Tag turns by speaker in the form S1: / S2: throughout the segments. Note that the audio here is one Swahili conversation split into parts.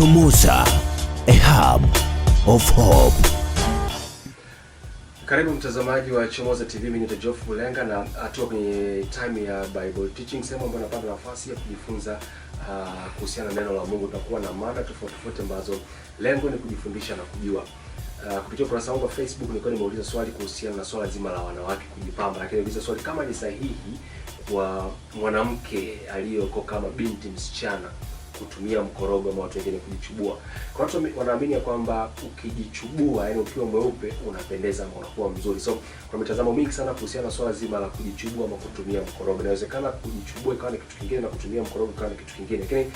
S1: Chomoza, a hub of hope. Karibu mtazamaji wa Chomoza TV, mimi ni Geoff Mulenga na atua kwenye time ya Bible teaching, sehemu ambayo napata nafasi ya kujifunza uh, kuhusiana na neno la Mungu. Tutakuwa na mada tofauti tofauti ambazo lengo ni kujifundisha na kujua Uh, kupitia ukurasa wangu wa Facebook nilikuwa nimeuliza swali kuhusiana na swala zima la wanawake kujipamba, lakini niliuliza swali kama ni sahihi kwa mwanamke aliyoko kama binti msichana kutumia mkorogo ama watu wengine kujichubua. Kwa watu wanaamini ya kwamba ukijichubua, yani ukiwa mweupe unapendeza ama unakuwa mzuri. So kuna mitazamo mingi sana kuhusiana na swala zima la kujichubua ama kutumia mkorogo. Inawezekana kujichubua ikawa ni kitu kingine na kutumia mkorogo ikawa ni kitu kingine, lakini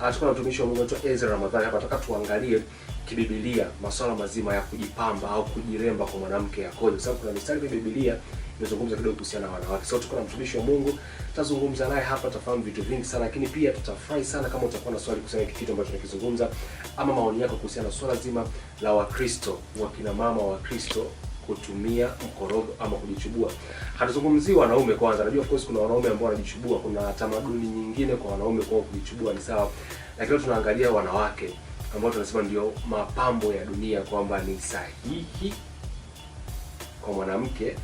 S1: Atakuwa na mtumishi wa Mungu anaitwa Ezra Ramadhani. Hapa nataka tuangalie kibibilia masuala mazima ya kujipamba au kujiremba kwa mwanamke yakoje, kwa sababu kuna mistari ya Biblia inazungumza kidogo kuhusiana na wanawake. So tuko na mtumishi wa Mungu, tutazungumza naye hapa, tutafahamu vitu vingi sana, lakini pia tutafurahi sana kama utakuwa na swali kuhusiana na kitu ambacho tunakizungumza ama maoni yako kuhusiana na swala zima la Wakristo, wakina mama wa Kristo kutumia mkorogo ama kujichubua. Hatuzungumzii wanaume kwanza, najua of course kuna wanaume ambao wanajichubua, kuna tamaduni nyingine kwa wanaume kwao kujichubua ni sawa, lakini tunaangalia wanawake ambao tunasema ndio mapambo ya dunia, kwamba ni sahihi kwa mwanamke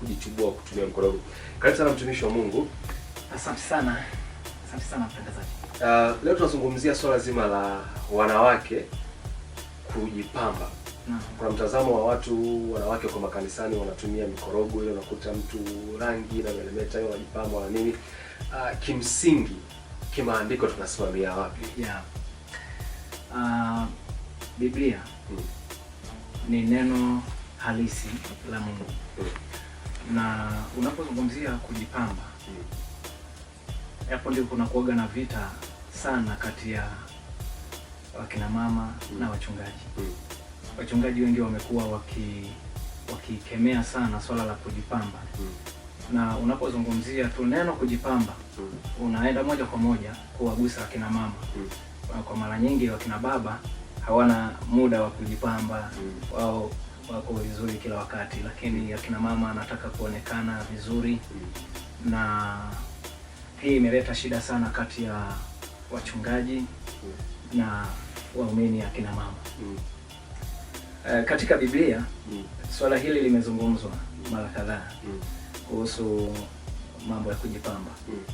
S1: kujichubua kutumia mkorogo. Karibu sana mtumishi wa Mungu.
S2: Asante sana, asante sana mtangazaji.
S1: Uh, leo tunazungumzia swala zima la wanawake kujipamba No. Kuna mtazamo wa watu wanawake kwa makanisani wanatumia mikorogo ile, unakuta mtu rangi na melemeta hiyo wajipamba na nini. Uh, kimsingi kimaandiko tunasimamia wapi?
S2: Yeah. Uh, Biblia hmm, ni neno halisi la Mungu hmm, na unapozungumzia kujipamba hmm. hapo hmm, ndio kuna kuoga na vita sana kati ya wakina mama hmm, na wachungaji hmm wachungaji wengi wamekuwa waki wakikemea sana swala la kujipamba mm. na unapozungumzia tu neno kujipamba mm. unaenda moja kwa moja kuwagusa wakina mama mm. kwa mara nyingi wakina baba hawana muda wa kujipamba mm. wao wako vizuri kila wakati, lakini hmm. akina mama anataka kuonekana vizuri mm. na hii imeleta shida sana kati ya wachungaji mm. na waumini akina mama mm. Eh, katika Biblia mm. swala hili limezungumzwa mm. mara kadhaa mm. kuhusu mambo ya kujipamba mm.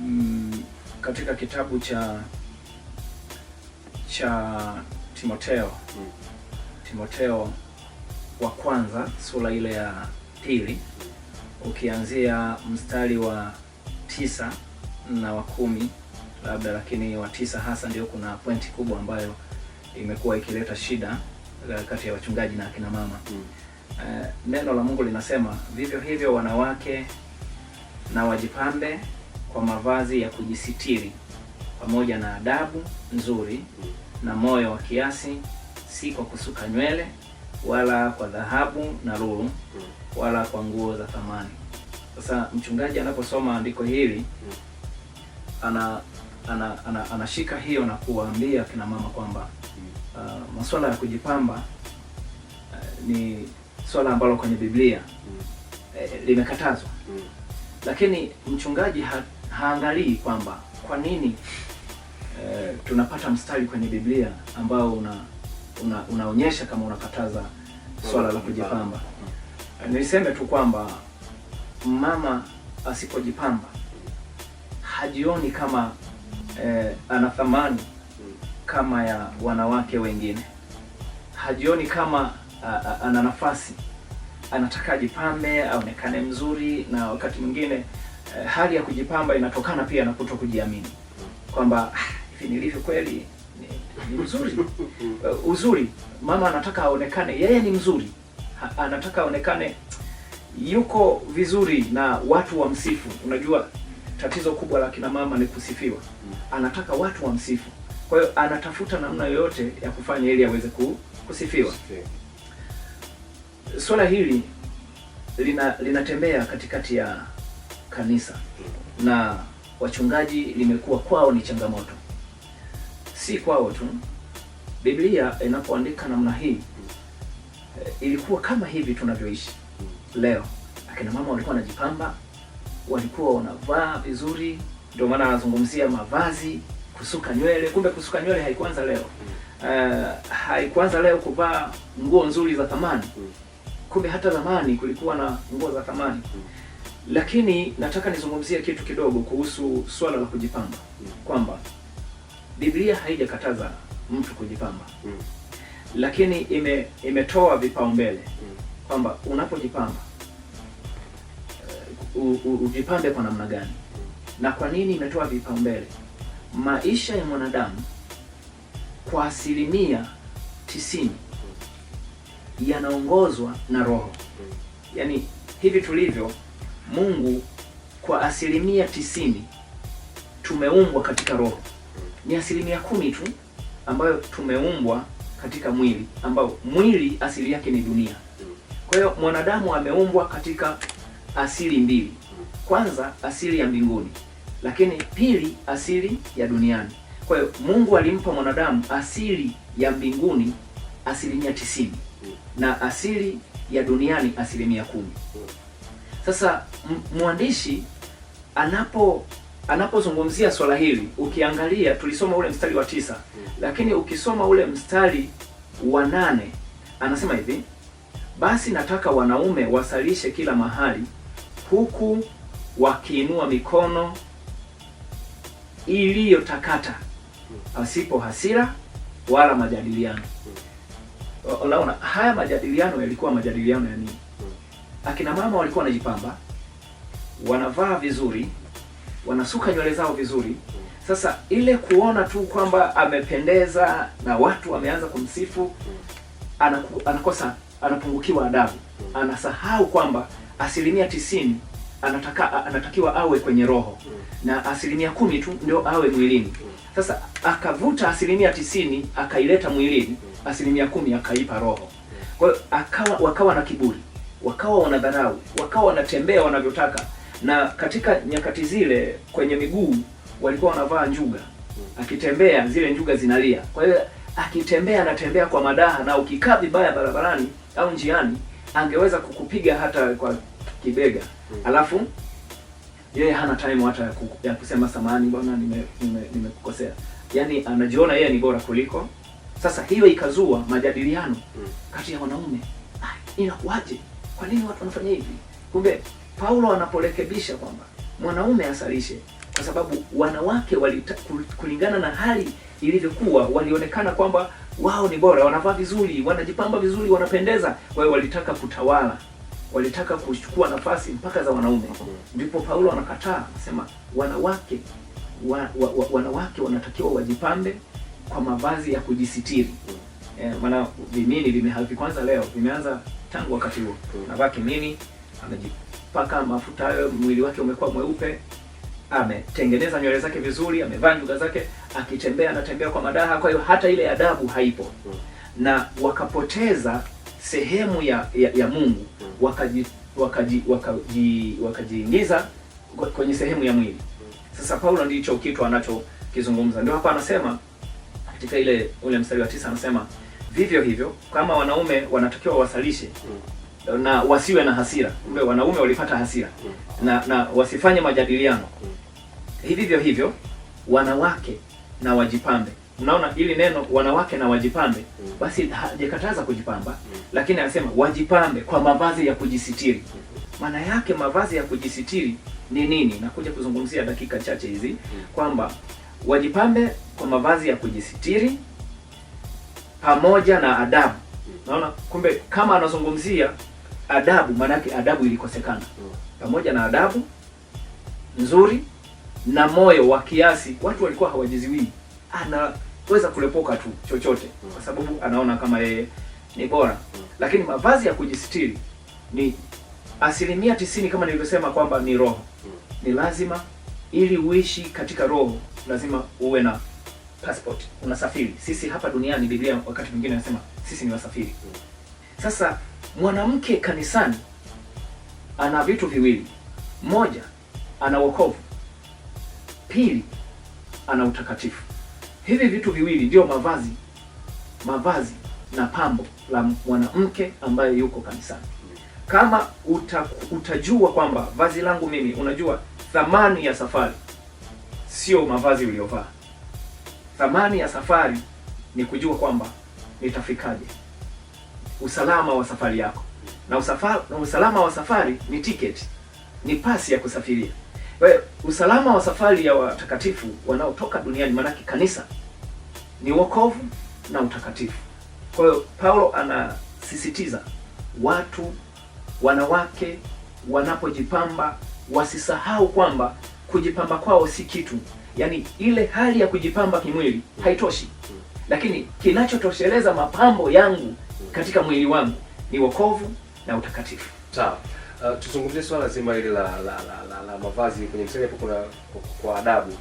S2: Mm, katika kitabu cha cha Timoteo mm. Timoteo wa kwanza sura ile ya pili ukianzia mstari wa tisa na wa kumi labda, lakini wa tisa hasa ndio kuna pointi kubwa ambayo imekuwa ikileta shida eh, kati ya wachungaji na akina mama mm. Uh, neno la Mungu linasema vivyo hivyo wanawake na wajipambe kwa mavazi ya kujisitiri pamoja na adabu nzuri hmm. na moyo wa kiasi, si kwa kusuka nywele wala kwa dhahabu na lulu hmm. wala kwa nguo za thamani. Sasa mchungaji anaposoma andiko hili hmm. ana anashika hiyo na kuwaambia kina mama kwamba uh, masuala ya kujipamba uh, ni swala ambalo kwenye Biblia eh, limekatazwa mm. lakini mchungaji ha, haangalii kwamba kwa nini eh, tunapata mstari kwenye Biblia ambao una, una unaonyesha kama unakataza swala la kujipamba. Niseme tu kwamba mama asipojipamba hajioni kama eh, ana thamani kama ya wanawake wengine, hajioni kama ana nafasi, anataka ajipambe aonekane mzuri, na wakati mwingine eh, hali ya kujipamba inatokana pia na kuto kujiamini kwamba ah, hivi nilivyo kweli ni mzuri. Eh, uzuri, mama anataka aonekane yeye ni mzuri, anataka aonekane yuko vizuri na watu wa msifu Unajua tatizo kubwa la kina mama ni kusifiwa, anataka watu wamsifu. Kwa hiyo anatafuta namna yoyote ya kufanya ili aweze kusifiwa. Swala hili lina linatembea katikati ya kanisa na wachungaji, limekuwa kwao ni changamoto, si kwao tu. Biblia inapoandika namna hii eh, ilikuwa kama hivi tunavyoishi leo. Akina mama walikuwa wanajipamba walikuwa wanavaa vizuri, ndio maana anazungumzia mavazi, kusuka nywele. Kumbe kusuka nywele haikuanza leo uh, haikuanza leo kuvaa nguo nzuri za thamani. Kumbe hata zamani kulikuwa na nguo za thamani. Lakini nataka nizungumzie kitu kidogo kuhusu swala la kujipamba, kwamba Biblia haijakataza mtu kujipamba, lakini ime- imetoa vipaumbele kwamba unapojipamba ujipambe kwa namna gani na kwa nini imetoa vipaumbele. Maisha ya mwanadamu kwa asilimia tisini yanaongozwa na roho, yaani hivi tulivyo, Mungu kwa asilimia tisini tumeumbwa katika roho, ni asilimia kumi tu ambayo tumeumbwa katika mwili, ambao mwili asili yake ni dunia. Kwa hiyo mwanadamu ameumbwa katika asili mbili. Kwanza asili ya mbinguni, lakini pili asili ya duniani. Kwa hiyo Mungu alimpa mwanadamu asili ya mbinguni asilimia tisini na asili ya duniani asilimia kumi. Sasa mwandishi anapo anapozungumzia swala hili, ukiangalia tulisoma ule mstari wa tisa, lakini ukisoma ule mstari wa nane anasema hivi: basi nataka wanaume wasalishe kila mahali huku wakiinua mikono iliyotakata pasipo hasira wala majadiliano. Unaona, haya majadiliano yalikuwa majadiliano ya nini? Akina mama walikuwa wanajipamba, wanavaa vizuri, wanasuka nywele zao vizuri. Sasa ile kuona tu kwamba amependeza na watu wameanza kumsifu, anaku, anakosa anapungukiwa adabu, anasahau kwamba asilimia tisini anataka, anatakiwa awe kwenye roho na asilimia kumi tu ndio awe mwilini. Sasa akavuta asilimia tisini akaileta mwilini, asilimia kumi akaipa roho. Kwa hiyo akawa wakawa na kiburi, wakawa wanadharau, wakawa wanatembea wanavyotaka, na katika nyakati zile kwenye miguu walikuwa wanavaa njuga, akitembea zile njuga zinalia. Kwa hiyo akitembea anatembea kwa madaha, na ukikaa vibaya barabarani au njiani angeweza kukupiga hata kwa kibega mm. Alafu yeye hana time hata ya kusema samani bwana, nimekukosea nime, nime yaani anajiona yeye ni bora kuliko. Sasa hiyo ikazua majadiliano mm. kati ya wanaume, ah, inakuwaje? Kwa nini watu wanafanya hivi? Kumbe Paulo anaporekebisha kwamba mwanaume asalishe kwa sababu wanawake walita, kulingana na hali ilivyokuwa walionekana kwamba wao ni bora, wanavaa vizuri, wanajipamba vizuri, wanapendeza, hiyo walitaka kutawala walitaka kuchukua nafasi mpaka za wanaume, ndipo Paulo anakataa sema wanawake wa, wa, wa, wanawake wanatakiwa wajipambe kwa mavazi ya kujisitiri. E, maana vimini kwanza leo vimeanza tangu wakati huo, navaa kimini, amejipaka mafuta hayo, mwili wake umekuwa mweupe, ametengeneza nywele zake vizuri, amevaa nyuga zake, akitembea anatembea kwa madaha. Kwa hiyo hata ile adabu haipo, na wakapoteza sehemu ya, ya, ya Mungu hmm. wakaji wakaji wakaji wakajiingiza kwenye sehemu ya mwili. Sasa Paulo ndicho kitu anachokizungumza, ndio hapa anasema katika ile ule mstari wa tisa anasema vivyo hivyo kama wanaume wanatakiwa wasalishe hmm. na wasiwe na hasira. Kumbe wanaume walipata hasira hmm. na, na wasifanye majadiliano. Hivivyo hivyo wanawake na wajipambe Mnaona ili neno wanawake na wajipambe, mm. basi hajakataza kujipamba, mm. lakini anasema wajipambe kwa mavazi ya kujisitiri. Maana yake mavazi ya kujisitiri ni nini? Nakuja kuzungumzia dakika chache hizi mm. kwamba wajipambe kwa mavazi ya kujisitiri pamoja na adabu. Naona kumbe kama anazungumzia adabu, maana yake adabu ilikosekana. Pamoja na adabu nzuri na moyo wa kiasi, watu walikuwa hawajiziwii anaweza kulepoka tu chochote, mm. kwa sababu anaona kama yeye ni bora. Mm. Lakini mavazi ya kujistiri ni asilimia tisini, kama nilivyosema kwamba ni roho, mm. ni lazima ili uishi katika roho lazima uwe na passport, unasafiri. Sisi hapa duniani, Biblia wakati mwingine anasema sisi ni wasafiri. Sasa mwanamke kanisani ana vitu viwili: moja, ana wokovu; pili, ana utakatifu. Hivi vitu viwili ndio mavazi, mavazi na pambo la mwanamke ambaye yuko kanisani. Kama uta, utajua kwamba vazi langu mimi, unajua thamani ya safari sio mavazi uliyovaa. Thamani ya safari ni kujua kwamba nitafikaje, usalama wa safari yako na, usafa, na usalama wa safari ni tiketi, ni pasi ya kusafiria. Kwa hiyo usalama wa safari ya watakatifu wanaotoka duniani, maanake kanisa ni wokovu na utakatifu. Kwa hiyo Paulo anasisitiza watu, wanawake wanapojipamba wasisahau kwamba kujipamba kwao si kitu, yaani ile hali ya kujipamba kimwili haitoshi, lakini kinachotosheleza mapambo yangu katika mwili wangu ni wokovu na utakatifu.
S1: Sawa. Uh, tuzungumzie swala zima hili la, la, la, la, la mavazi kwenye mstari hapo, kuna kwa adabu,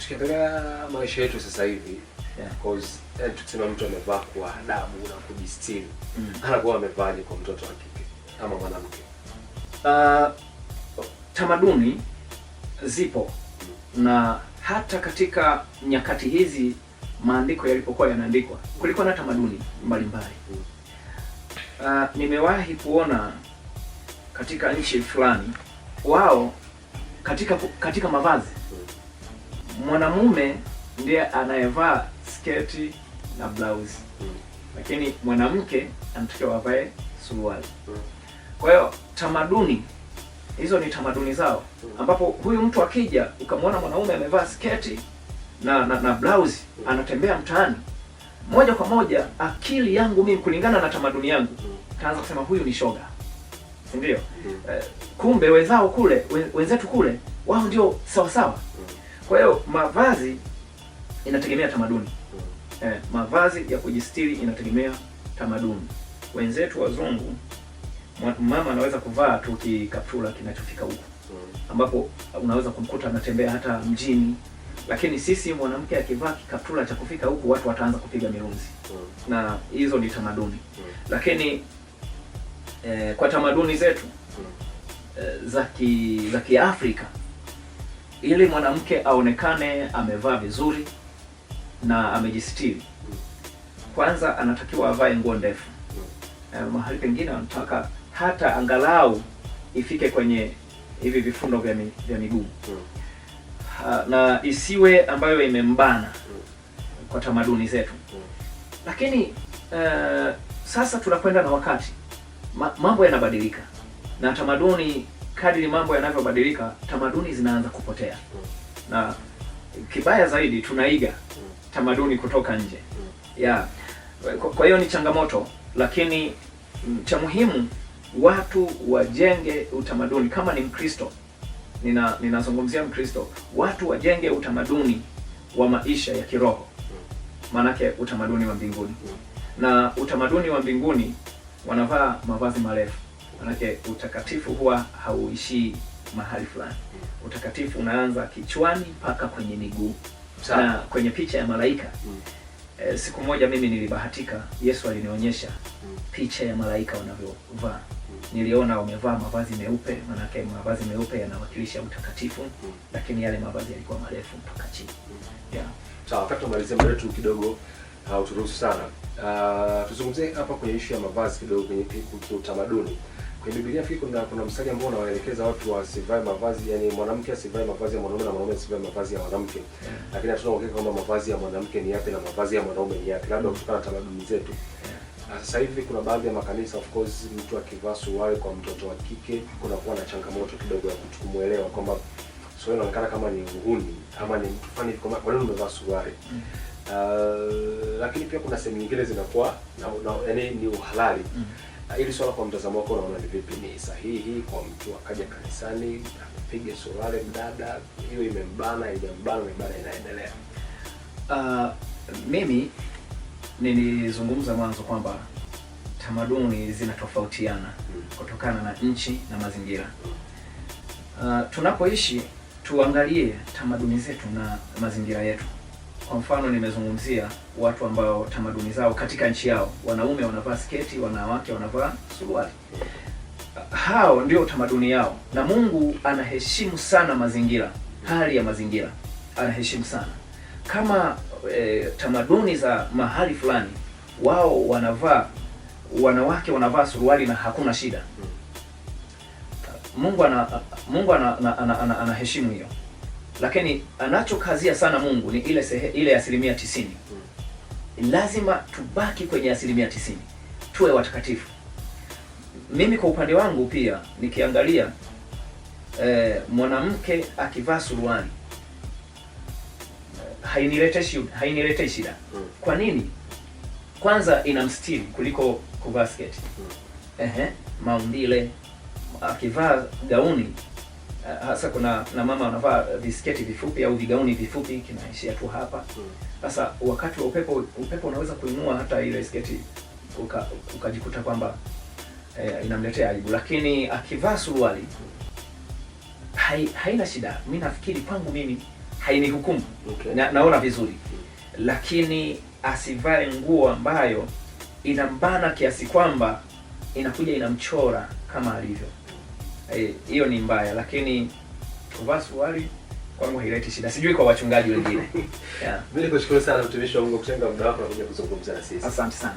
S1: tukiangalia maisha yetu sasa hivi yeah. eh, tukisema mtu amevaa kwa adabu na kujistiri mm. anakuwa amevaaje kwa mtoto wa kike ama mwanamke?
S2: Uh, tamaduni zipo na hata katika nyakati hizi maandiko yalipokuwa yanaandikwa kulikuwa na tamaduni mbalimbali mbali. Mm. Uh, nimewahi kuona katika nchi fulani, wao katika katika mavazi mwanamume ndiye anayevaa sketi na blouse Lakini mwanamke anatakiwa avae suruali Kwa hiyo tamaduni hizo ni tamaduni zao Ambapo huyu mtu akija ukamwona mwanaume amevaa sketi na na, na blouse Anatembea mtaani moja kwa moja, akili yangu mimi kulingana na tamaduni yangu taanza Kaanza kusema huyu ni shoga si ndio? kumbe wenzao kule wenzetu kule wao ndio sawa sawa. Mm. Kwa hiyo mavazi inategemea tamaduni mm. eh, mavazi ya kujistiri inategemea tamaduni. Wenzetu wazungu, mama anaweza kuvaa tu kikaptula kinachofika huko, mm. ambapo unaweza kumkuta anatembea hata mjini lakini sisi mwanamke akivaa kikaptula cha kufika huku watu wataanza kupiga mirunzi, na hizo ni tamaduni. Lakini eh, kwa tamaduni zetu eh, za Kiafrika ili mwanamke aonekane amevaa vizuri na amejistiri, kwanza anatakiwa avae nguo ndefu eh, mahali pengine wanataka hata angalau ifike kwenye hivi vifundo vya, vya miguu na isiwe ambayo imembana kwa tamaduni zetu, lakini eh, sasa tunakwenda na wakati ma, mambo yanabadilika na tamaduni. Kadiri mambo yanavyobadilika, tamaduni zinaanza kupotea, na kibaya zaidi tunaiga tamaduni kutoka nje yeah. Kwa hiyo ni changamoto, lakini cha muhimu watu wajenge utamaduni. Kama ni Mkristo, nina ninazungumzia Mkristo, watu wajenge utamaduni wa maisha ya kiroho, maanake utamaduni wa mbinguni na utamaduni wa mbinguni wanavaa mavazi marefu, manake utakatifu huwa hauishii mahali fulani. Utakatifu unaanza kichwani mpaka kwenye miguu na kwenye picha ya malaika mm. E, siku moja mimi nilibahatika, Yesu alinionyesha mm. picha ya malaika wanavyovaa mm. Niliona wamevaa mavazi meupe, manake mavazi meupe yanawakilisha utakatifu mm. Lakini yale mavazi yalikuwa marefu mpaka chini mm.
S1: yeah. Sawa, wakati kidogo, hauturuhusu sana Uh, tuzungumzie hapa kwenye ishu ya mavazi kidogo, kwenye utamaduni. Kwenye Biblia pia kuna kuna mstari ambao unawaelekeza watu wasivae mavazi, yani mwanamke asivae mavazi ya mwanaume na mwanaume asivae mavazi ya mwanamke, lakini hatuna uhakika kwamba mavazi ya mwanamke ni yapi na mavazi ya mwanaume ni yapi, labda kutokana na tamaduni zetu. Ah, sasa hivi kuna baadhi ya makanisa, of course, mtu akivaa suruali kwa mtoto wa kike kunakuwa na changamoto kidogo ya kumwelewa kwamba suruali inaonekana kama ni uhuni ama ni mtu fulani, kwa nini umevaa suruali? uh, lakini pia kuna sehemu nyingine zinakuwa yaani ni uhalali mm -hmm. Ili swala kwa mtazamo wako unaona ni vipi, ni sahihi kwa mtu akaja kanisani apige suruali mdada, hiyo imembana, ijambana imebana, inaendelea?
S2: Uh, mimi nilizungumza mwanzo kwamba tamaduni zinatofautiana mm. kutokana na nchi na mazingira. Uh, tunapoishi tuangalie tamaduni zetu na mazingira yetu. Kwa mfano nimezungumzia watu ambao tamaduni zao katika nchi yao, wanaume wanavaa sketi, wanawake wanavaa suruali. Hao ndio tamaduni yao, na Mungu anaheshimu sana mazingira, hali ya mazingira anaheshimu sana. Kama e, tamaduni za mahali fulani, wao wanavaa wanawake wanavaa suruali na hakuna shida, Mungu ana Mungu ana, ana, ana, ana, anaheshimu hiyo lakini anachokazia sana Mungu ni ile sehe, ile asilimia tisini. Lazima tubaki kwenye asilimia tisini, tuwe watakatifu. Mimi kwa upande wangu pia nikiangalia eh, mwanamke akivaa suruali hainileteshi shida. Kwa nini? Kwanza inamstiri kuliko kuvaa sketi. Hmm. Ehe, maumbile. Akivaa gauni hasa kuna na mama wanavaa visketi vifupi au vigauni vifupi, kinaishia tu hapa. Sasa wakati wa upepo, upepo unaweza kuinua hata ile sketi uka, ukajikuta kwamba eh, inamletea aibu, lakini akivaa suruali hai, haina shida. Mi nafikiri kwangu mimi hukumu okay. Na, naona vizuri, lakini asivae nguo ambayo inambana kiasi kwamba inakuja inamchora kama alivyo. Eh, hiyo ni mbaya, lakini kuvaa suruali kwangu haileti shida, sijui kwa wachungaji wengine.
S1: Mimi nikushukuru sana mtumishi wa Mungu kutenga muda wako na kuja kuzungumza na sisi. Asante sana.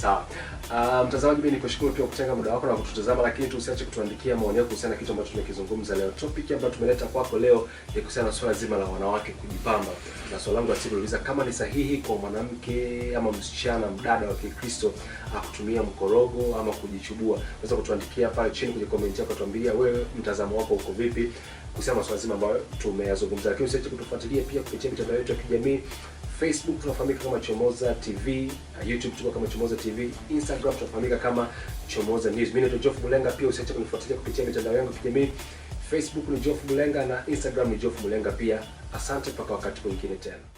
S1: Sawa. Uh, mtazamaji, mimi nikushukuru pia kutenga muda wako na kututazama, lakini tu usiache kutuandikia maoni yako kuhusiana na kitu ambacho tumekizungumza leo. Topic ambayo tumeleta kwako leo ni kuhusiana na swala zima la wanawake kujipamba, na swali langu asiuliza kama ni sahihi kwa mwanamke ama msichana mdada wa Kikristo akutumia mkorogo ama kujichubua. Unaweza kutuandikia pale chini kwenye comment yako, tuambia wewe mtazamo wako uko vipi kuhusiana na swala zima ambayo tumeyazungumza, lakini usiache kutufuatilia pia kupitia mitandao yetu ya kijamii Facebook tunafahamika kama Chomoza TV, uh, YouTube tuko kama Chomoza TV, Instagram tunafahamika kama Chomoza News. Mimi ni Geoff Mulenga, pia usiache kunifuatilia kupitia mitandao yangu kijamii. Facebook ni Geoff Mulenga na Instagram ni Geoff Mulenga pia. Asante mpaka wakati mwingine tena.